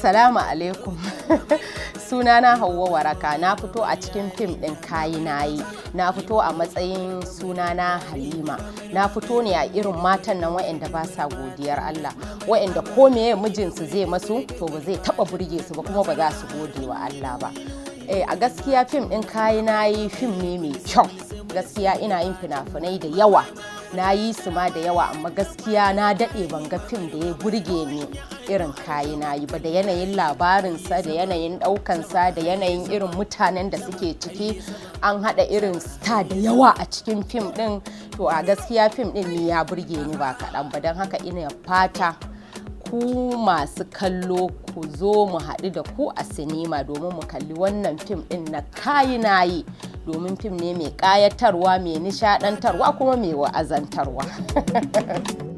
Salamu alaikum. Suna na Hauwa Waraka na fito a cikin fim ɗin kayi na yi. Na fito a matsayin suna na Halima. Na fito ne a irin matan nan wa'anda ba sa godiyar Allah. Wa'anda ko mijinsu zai masu to ba zai taɓa burge su ba kuma ba za su gode wa Allah ba. Eh, a gaskiya fim ɗin kayi na yi fim ne mai kyau. Gaskiya ina yin fina-finai da yawa. na yi su ma da yawa amma gaskiya na daɗe ban ga fim da ya burge ni irin kayi na yi ba da yanayin labarinsa da yanayin ɗaukansa da yanayin irin mutanen da suke ciki an haɗa irin star da yawa a cikin fim ɗin to a gaskiya fim ɗin ni ya burge ni ba kaɗan ba don haka ina fata ku masu kallo ku zo mu haɗu da ku a sinima domin mu kalli wannan fim ɗin na kayi na yi domin fim ne mai kayatarwa, mai nishaɗantarwa kuma mai wa'azantarwa